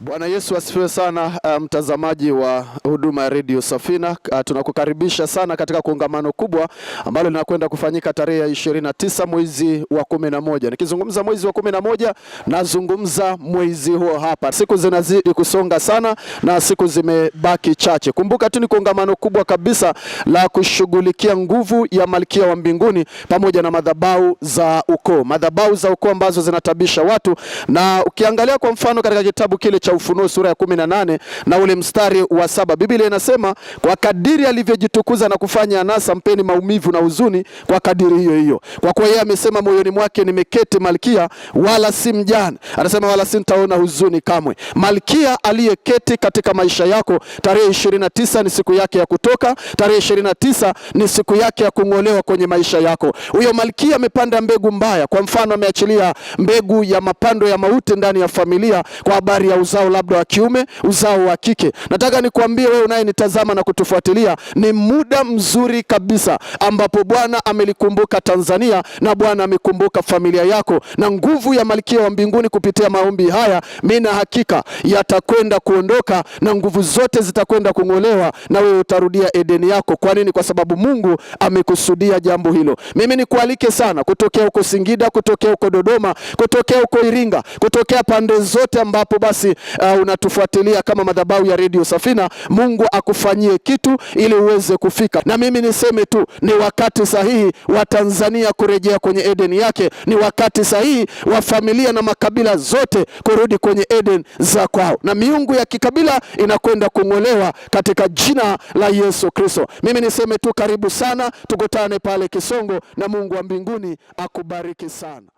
Bwana Yesu asifiwe sana, uh, mtazamaji um, wa huduma ya redio Safina. Uh, tunakukaribisha sana katika kongamano kubwa ambalo linakwenda kufanyika tarehe ya 29 mwezi wa 11. Nikizungumza mwezi wa 11, nazungumza mwezi huo hapa. Siku zinazidi kusonga sana na siku zimebaki chache. Kumbuka tu ni kongamano kubwa kabisa la kushughulikia nguvu ya malkia wa mbinguni pamoja na madhabahu za ukoo, madhabahu za ukoo ambazo zinatabisha watu, na ukiangalia kwa mfano katika kitabu kile cha Ufunuo sura ya kumi na nane na ule mstari wa saba Biblia inasema kwa kadiri alivyojitukuza na kufanya anasa, mpeni maumivu na huzuni kwa kadiri hiyo hiyo, kwa kuwa yeye amesema moyoni mwake, nimeketi malkia, wala si mjane. Anasema wala si nitaona huzuni kamwe. Malkia aliyeketi katika maisha yako, tarehe 29 ni siku yake ya kutoka, tarehe 29 ni siku yake ya kung'olewa kwenye maisha yako. Huyo malkia amepanda mbegu mbaya, kwa mfano ameachilia mbegu ya mapando ya mauti ndani ya familia kwa habari ya uzazi uzao labda wa kiume, uzao wa kike. Nataka nikwambie wewe unayenitazama na kutufuatilia, ni muda mzuri kabisa ambapo Bwana amelikumbuka Tanzania na Bwana amekumbuka familia yako, na nguvu ya Malkia wa Mbinguni kupitia maombi haya, mina hakika yatakwenda kuondoka na nguvu zote zitakwenda kung'olewa, na wewe utarudia Edeni yako. Kwa nini? Kwa sababu Mungu amekusudia jambo hilo. Mimi nikualike sana kutokea huko Singida, kutokea huko Dodoma, kutokea huko Iringa, kutokea pande zote ambapo basi uh, unatufuatilia kama madhabahu ya redio Safina, Mungu akufanyie kitu ili uweze kufika. Na mimi niseme tu, ni wakati sahihi wa Tanzania kurejea kwenye eden yake, ni wakati sahihi wa familia na makabila zote kurudi kwenye Eden za kwao, na miungu ya kikabila inakwenda kung'olewa katika jina la Yesu Kristo. Mimi niseme tu, karibu sana, tukutane pale Kisongo, na Mungu wa mbinguni akubariki sana.